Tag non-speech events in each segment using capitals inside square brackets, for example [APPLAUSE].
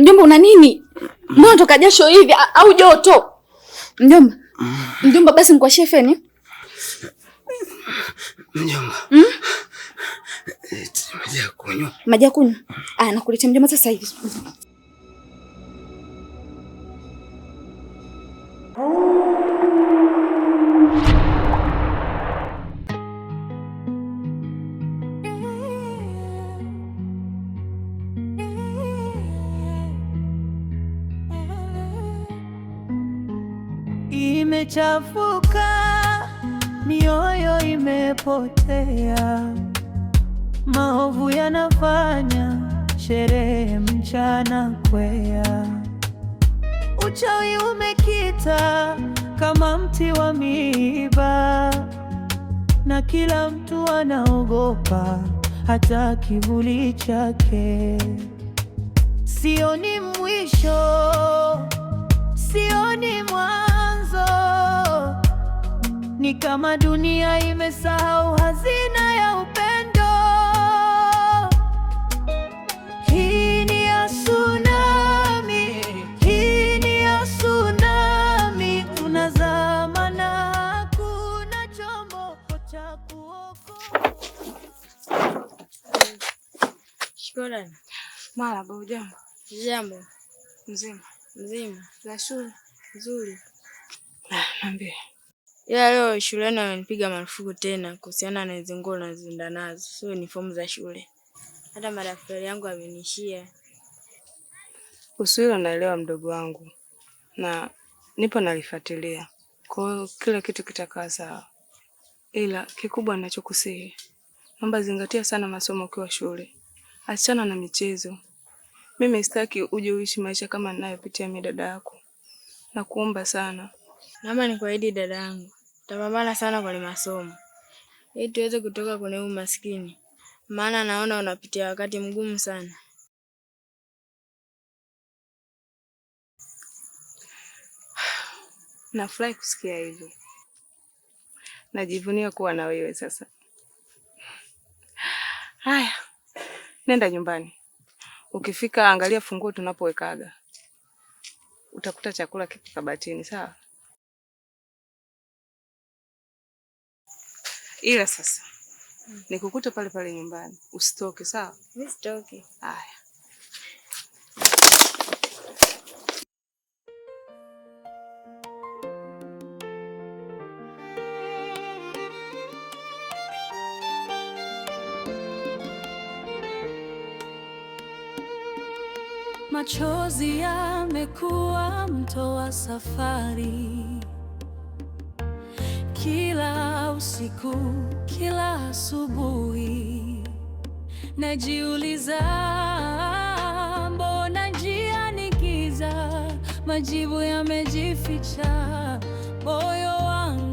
Mjomba, una nini? Mbona toka jasho hivi au joto? Mjomba. Mjomba, basi nikuwashie feni. Mjomba. Mm? Maji ya kunywa. Maji ya kunywa. Ah, nakuletea mjomba sasa hivi. imechafuka, mioyo imepotea, maovu yanafanya sherehe mchana kwea, uchawi umekita kama mti wa miiba, na kila mtu anaogopa hata kivuli chake. Sioni mwisho, sioni mwa ni kama dunia imesahau hazina ya upendo. Hii ni ya tsunami, hii ni ya tsunami. Tunazama na hakuna chombo cha kuokoa. Shukrani. Mara baba, jambo. Jambo. Mzima. Mzima. Za shule nzuri. Ah, niambie. Ila leo shuleni wamenipiga marufuku tena kuhusiana na hizo nguo nazoenda nazo, sio fomu za shule. Hata madaftari yangu amenishia. Uswilo naelewa mdogo wangu, na nipo nalifuatilia, kwa hiyo kila kitu kitakaa sawa, ila kikubwa ninachokusihi naomba zingatia sana masomo ukiwa shule, achana na michezo. Mimi sitaki uje uishi maisha kama ninayopitia mimi dada yako, nakuomba sana. Naomba nikuahidi dada yangu, Tapambana sana kwenye masomo ili tuweze kutoka kwenye umaskini, maana naona unapitia wakati mgumu sana. [SIGHS] Nafurahi kusikia hivyo, najivunia kuwa na wewe sasa. [SIGHS] Haya, nenda nyumbani, ukifika angalia funguo tunapowekaga, utakuta chakula kipo kabatini. Sawa. ila sasa hmm, nikukuta pale pale nyumbani, usitoke sawa? Mimi sitoki. Haya. Machozi yamekuwa mto wa safari kila usiku, kila asubuhi najiuliza, mbona njia ni giza? Majibu yamejificha moyo wangu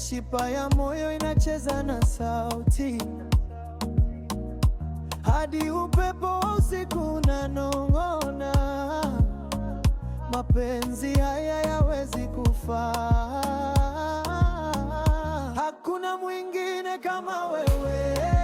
mishipa ya moyo inacheza na sauti, hadi upepo wa usiku unanong'ona. Mapenzi haya yawezi kufa, hakuna mwingine kama wewe.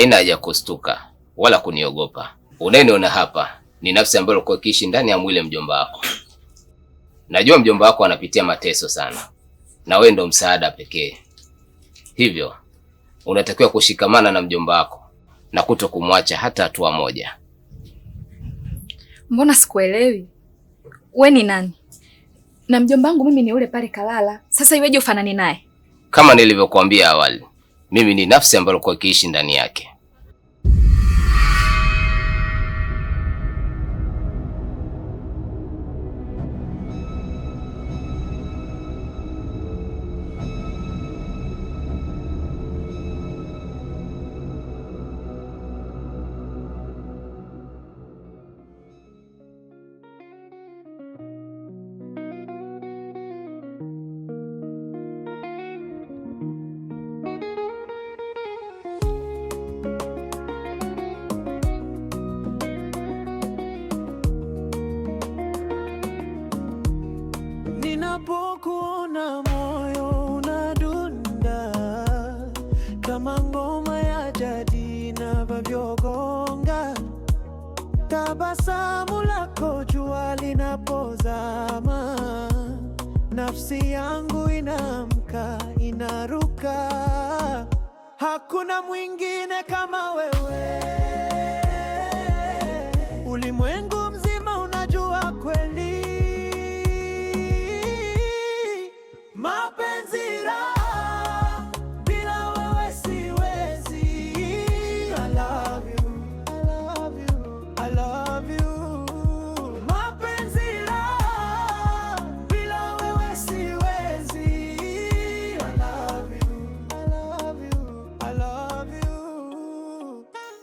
haina haja kustuka wala kuniogopa. Unayeniona hapa ni nafsi ambayo ilikuwa ikiishi ndani ya mwili mjomba wako. Najua mjomba wako anapitia mateso sana, na wewe ndo msaada pekee, hivyo unatakiwa kushikamana na mjomba wako na kuto kumwacha hata hatua moja. Mbona sikuelewi? We ni nani? Na mjomba wangu mimi ni ule pale kalala, sasa iweje ufanani naye? Kama nilivyokuambia awali, mimi ni nafsi ambayo alikuwa kiishi ndani yake.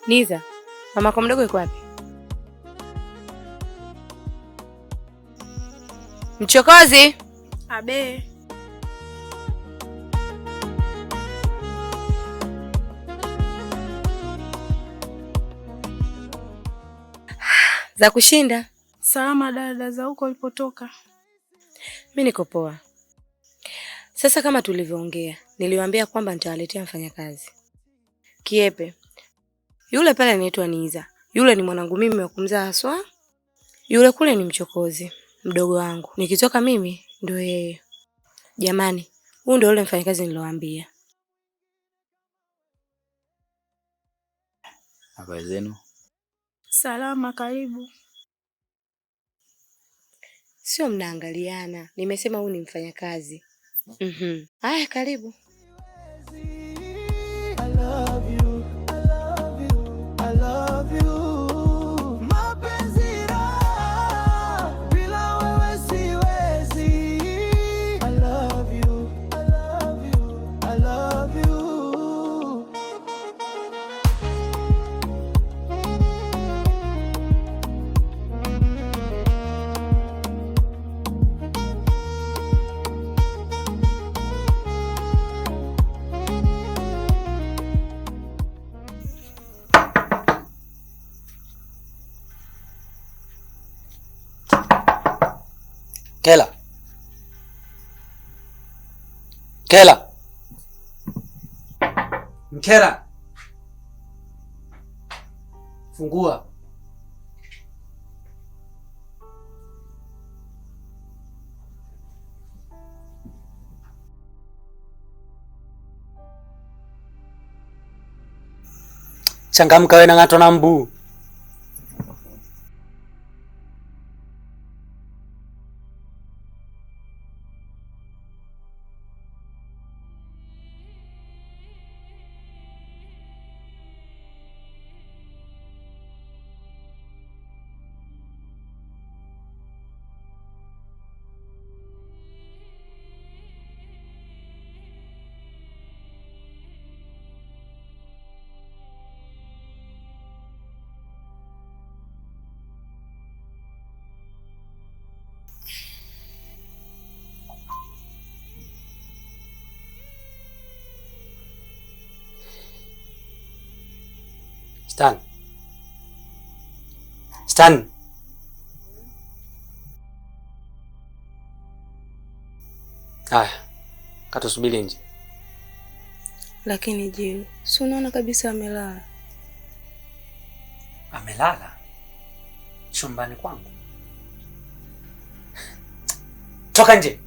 Niza, mama kwa mdogo yuko wapi? Mchokozi abe za kushinda. Salama dada, za huko ulipotoka? Mi niko poa. Sasa kama tulivyoongea, niliwaambia kwamba nitawaletea mfanyakazi Kiepe yule pale anaitwa Niza, yule ni mwanangu mimi wa kumzaa haswa. Yule kule ni mchokozi mdogo wangu, nikitoka mimi ndio yeye. Jamani, huyu ndio yule mfanyakazi niloambia Habari zenu? Salama, karibu. Sio mnaangaliana, nimesema huyu ni mfanyakazi. Mhm, haya, karibu. Mkela, Mkela, fungua. Changamka we na na mbu Stan. Haya, katusubiri nje. Lakini je, si unaona kabisa amelala? Amelala chumbani kwangu? Toka nje.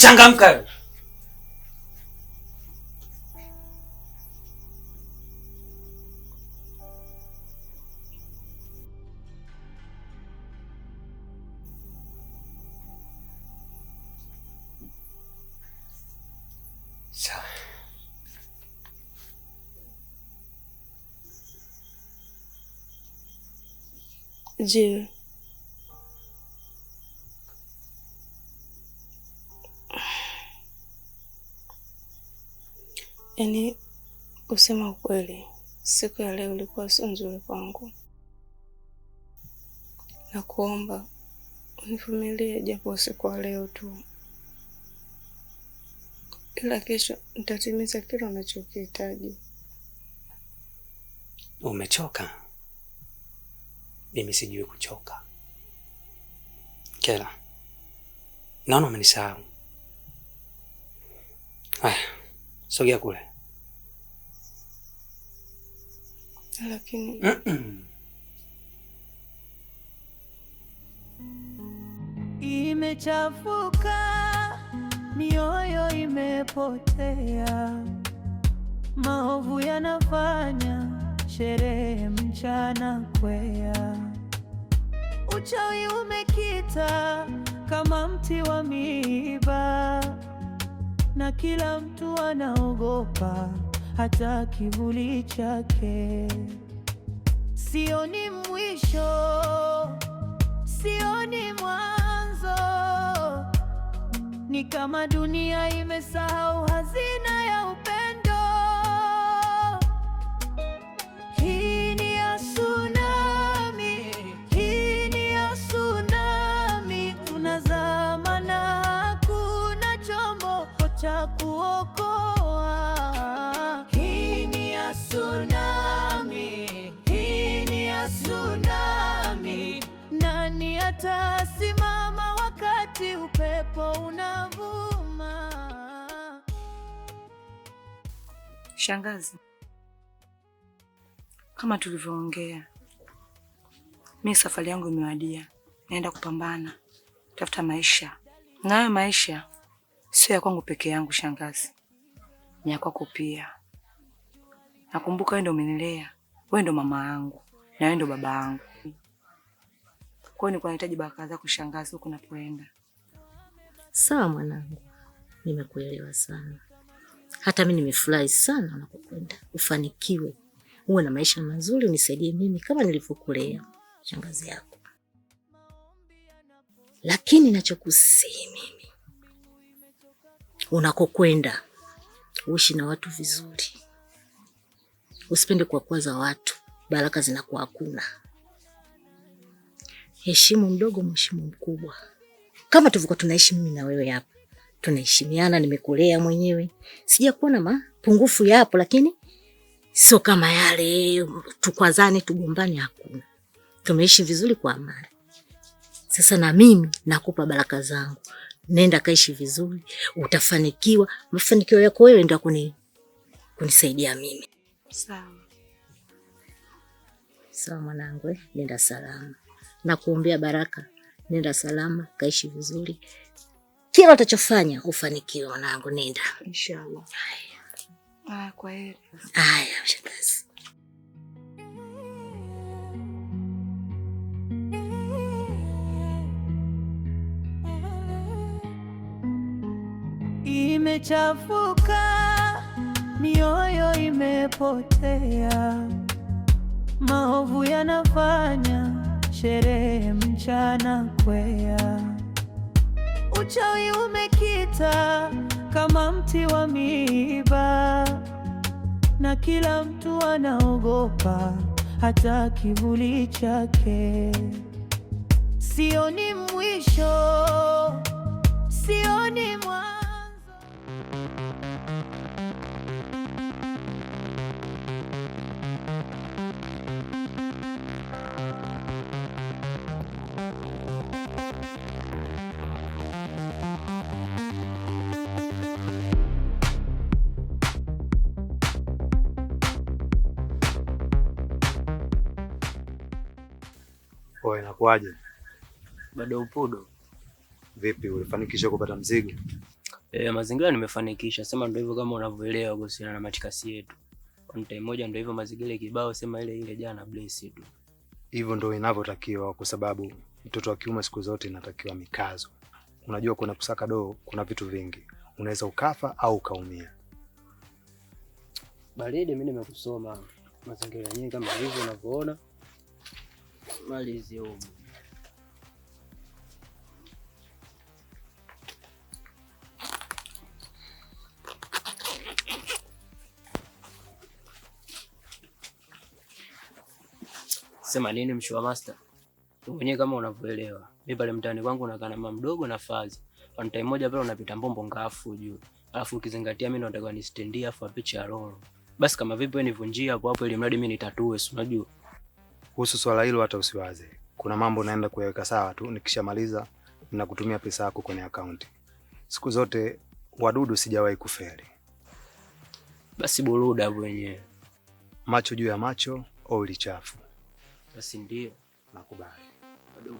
mchangamka Je Kusema ukweli, siku ya leo ilikuwa sio nzuri kwangu, na kuomba univumilie japo usiku wa leo tu, ila kesho nitatimiza kila unachokihitaji. Umechoka? Mimi sijui kuchoka. Kela, naona umenisahau. Haya, sogea kule. lakini imechafuka, mioyo imepotea, maovu yanafanya sherehe mchana kwea, uchawi umekita kama mti wa miiba, na kila mtu anaogopa hata kivuli chake. Sioni mwisho, sioni mwanzo, ni kama dunia imesahau hazina ya upendo. Hii ni ya tsunami, hii ni ya tsunami, tunazama na hakuna chombo cha kuokoa. utasimama wakati upepo unavuma. Shangazi, kama tulivyoongea, mimi safari yangu imewadia, naenda kupambana tafuta maisha, na hayo maisha sio ya kwangu peke yangu. Shangazi, ni ya kwako pia. Nakumbuka wewe ndo umenilea, wewe ndo mama yangu na wewe ndo baba yangu kwa hiyo nilikuwa nahitaji baraka zako shangazi huko napoenda. Sawa mwanangu, nimekuelewa sana. Hata mimi nimefurahi sana nakukwenda. Ufanikiwe, uwe na maisha mazuri, unisaidie mimi kama nilivyokulea shangazi yako, lakini nachokusihi mimi, unakokwenda uishi na watu vizuri, usipende kuwakwaza watu, baraka zinakuwa hakuna heshimu mdogo, mheshimu mkubwa, kama tulivyokuwa tunaishi mimi na wewe hapa. Tunaheshimiana, nimekulea mwenyewe, sija kuona mapungufu yapo, lakini sio kama yale tukwazane, tugombane, hakuna. Tumeishi vizuri kwa amani. Sasa na mimi nakupa baraka zangu, nenda kaishi vizuri, utafanikiwa. Mafanikio yako wewe ndio kuni kunisaidia mimi. Sawa sawa mwanangu, eh, nenda salama na kuombea baraka. Nenda salama, kaishi vizuri, kila utachofanya ufanikiwe mwanangu, nenda inshallah. Haya, ah, kwa heri. Haya Imechafuka, mioyo imepotea, maovu yanafanya sherehe mchana kwea. Uchawi umekita kama mti wa miiba, na kila mtu anaogopa hata kivuli chake. Sioni mwisho Inakuwaje? Bado upudo? Vipi, ulifanikisha kupata mzigo? E, mazingira nimefanikisha, sema ndio hivyo kama unavyoelewa kuhusiana na matikasi yetu. Kwa mtai moja ndio hivyo mazingira kibao, sema ile ile jana bless tu. Hivyo ndio inavyotakiwa kwa sababu mtoto wa kiume siku zote inatakiwa mikazo. Unajua kuna kusaka doo, kuna vitu vingi. Unaweza ukafa au ukaumia. Baridi, mimi nimekusoma mazingira yenyewe kama hivyo unavyoona. mali huko. Sema nini mshua master? Mwenyewe kama unavyoelewa. Mimi pale mtaani kwangu nakaa na mama mdogo na fazi. Kwa time moja pale unapita mbombo ngafu juu. Alafu ukizingatia mimi ndo nataka ni stand afu apiche ya roro. Basi kama vipi wewe nivunjie hapo hapo ili mradi mimi nitatue, si unajua. Kuhusu swala hilo hata usiwaze. Kuna mambo naenda kuyaweka sawa tu, nikishamaliza na kutumia pesa yako kwenye akaunti. Siku zote wadudu sijawahi kufeli. Basi buruda wenyewe. Macho juu ya macho, oili chafu. Basi ndio nakubali. Bado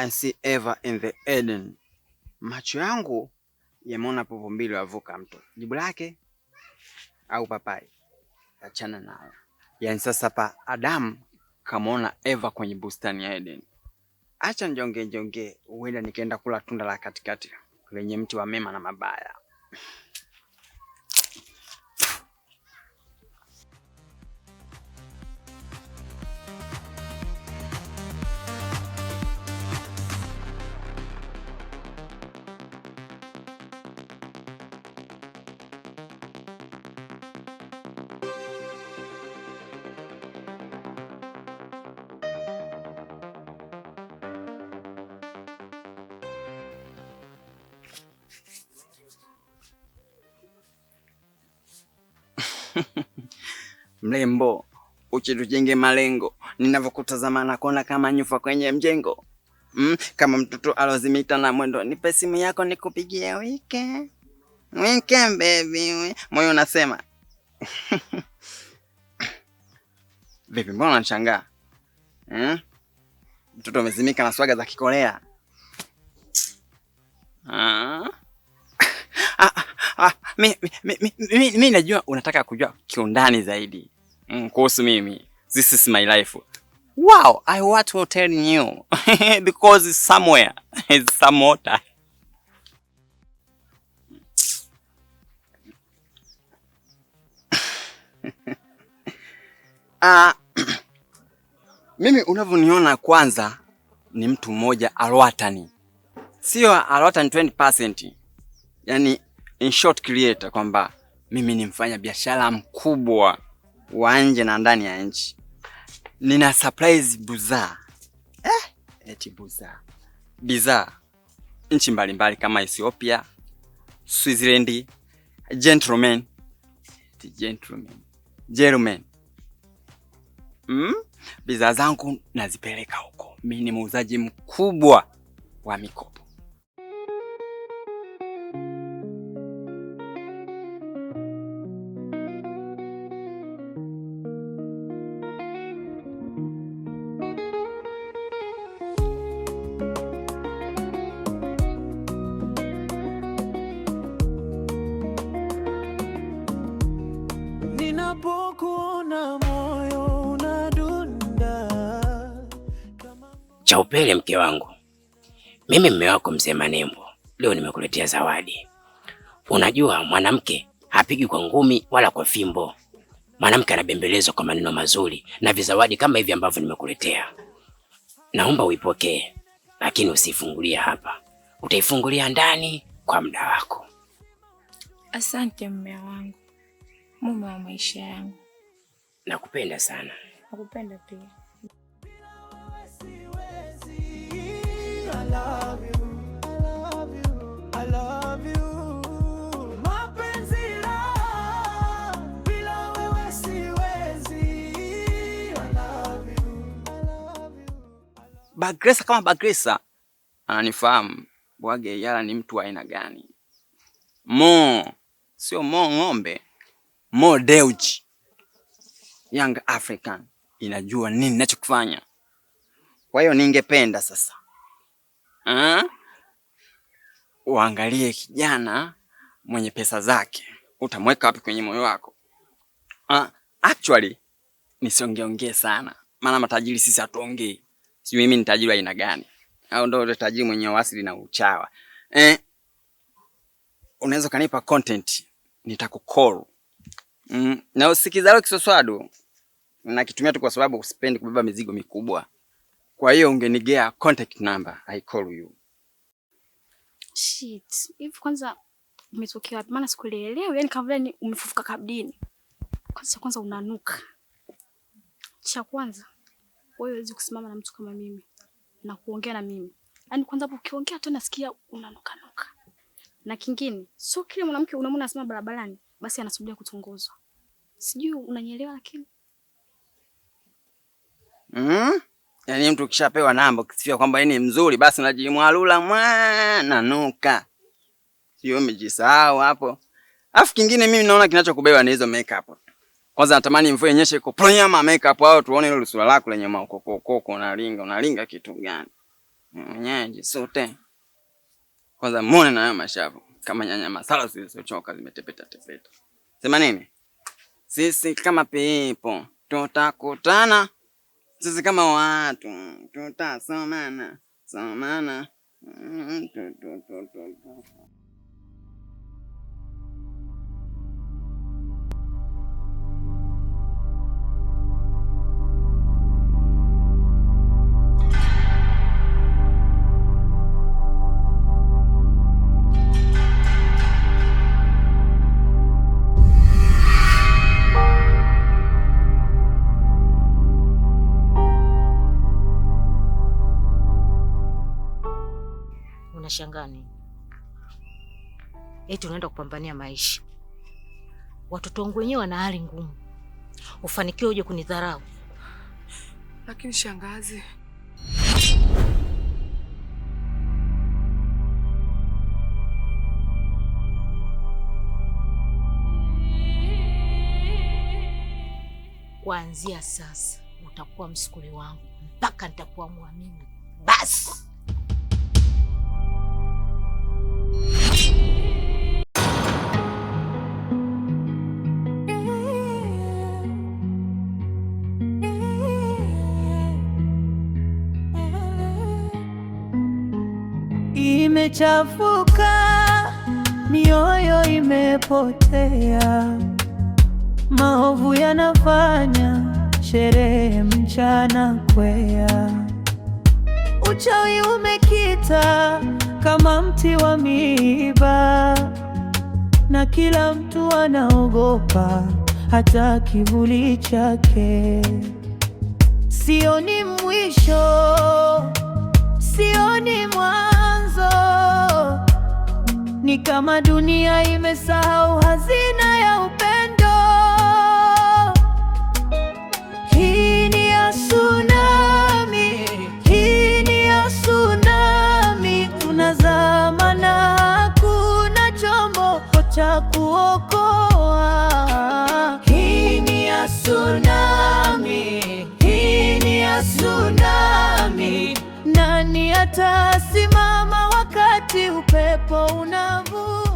and see ever in the Eden, macho yangu yameona popo mbili wavuka mto. Jibu lake au papai, achana nayo. Yaani sasa pa Adamu kamaona Eva kwenye bustani ya Eden. Acha njonge njonge, huenda nikaenda kula tunda la katikati lenye mti wa mema na mabaya. Mrembo, uche tujenge malengo, ninavyokutazama kuona kama nyufa kwenye mjengo. Mm, kama mtoto alozimita na mwendo, nipe simu yako nikupigie wike wike, baby. Moyo unasema vipi? [LAUGHS] Mbona unashangaa hmm? Mtoto amezimika na swaga za Kikorea ah. [LAUGHS] ah mi, mi, mi, mi, mi najua unataka kujua kiundani zaidi mm, kuhusu mimi. This is my life. Wow, I want to tell you [LAUGHS] because it's somewhere is [LAUGHS] some water. Uh, [LAUGHS] [CLEARS THROAT] mimi unavyoniona kwanza ni mtu mmoja alwatani, sio alwatani 20%, yani in short creator, kwamba mimi ni mfanya biashara mkubwa wa nje na ndani ya nchi. Nina surprise buza eh, eti buza biza nchi mbalimbali kama Ethiopia, Switzerland, gentleman gentlemen gentlemen mm? Bidhaa zangu nazipeleka huko. Mimi ni muuzaji mkubwa wa mikopo. cha upele, mke wangu, mimi mme wako mzee Manembo, leo nimekuletea zawadi. Unajua mwanamke hapigi kwa ngumi wala kwa fimbo, mwanamke anabembelezwa kwa maneno mazuri na vizawadi kama hivi ambavyo nimekuletea. Naomba uipokee, lakini usifungulie hapa, utaifungulia ndani kwa muda wako. Asante mme wangu, mume wa maisha yangu, nakupenda sana. Nakupenda pia. Bagresa kama Bagresa ananifahamu Bwage Yala ni mtu wa aina gani? Mo sio mo ng'ombe, Mo deuji. Young African inajua nini ninachokifanya, kwa hiyo ningependa sasa eh? Uangalie kijana mwenye pesa zake, utamweka wapi kwenye moyo wako? ah, actually nisiongeongee sana, maana matajiri sisi hatuongei. Si mimi ni tajiri aina gani, au ndo tajiri mwenye wasili na uchawa eh? Unaweza ukanipa content, nitakukol mm. Na usikizalo kiswaswadu nakitumia tu kwa sababu usipendi kubeba mizigo mikubwa. Kwa hiyo ungenigea contact number, I call you. Shit. Hivi kwanza umetokea wapi? Maana sikuelewi. Yaani kama vile umefufuka kabdini. Kwanza kwanza unanuka. Cha kwanza wewe huwezi kusimama na mtu kama mimi na kuongea na mimi. Yaani kwanza hapo ukiongea tu nasikia unanuka nuka. Na kingine, sio kile mwanamke unamwona anasema barabarani basi anasubiria kutongozwa. Sijui unanielewa lakini. Mhm. Mm Yaani mtu ukishapewa namba ukisifia kwamba yeye ni mzuri, basi unajimwalula mwana nuka, sio? Umejisahau hapo. Alafu kingine mimi naona kinachokubeba ni hizo makeup. Kwanza natamani mvua yenyeshe iko pronyama makeup hao, tuone ile sura lako lenye maukokokoko, unalinga unalinga kitu gani? Mwenyewe sote. kwanza, muone na hayo mashavu kama nyanya masala zilizochoka zimetepeta tepeta. Sema nini? Sisi kama pepo tutakutana sisi kama watu tutasomana somana. Mm, nashangani, eti unaenda kupambania maisha. Watoto wangu wenyewe wana hali ngumu, ufanikiwe uje kunidharau. Lakini shangazi Kuanzia sasa utakuwa msukuli wangu mpaka nitakuwa mwamini. Basi. imechafuka, mioyo imepotea, maovu yanafanya sherehe mchana kwea, uchawi umekita kama mti wa miiba, na kila mtu anaogopa hata kivuli chake. Sioni mwisho, sioni mwisho. Ni kama dunia imesahau hazina ya upendo. Hii ni ya tsunami, hii ni ya tsunami. Tunazama na hakuna chombo cha kuokoa. Hii ni ya tsunami, hii ni ya tsunami. Nani atas wakati upepo unavuma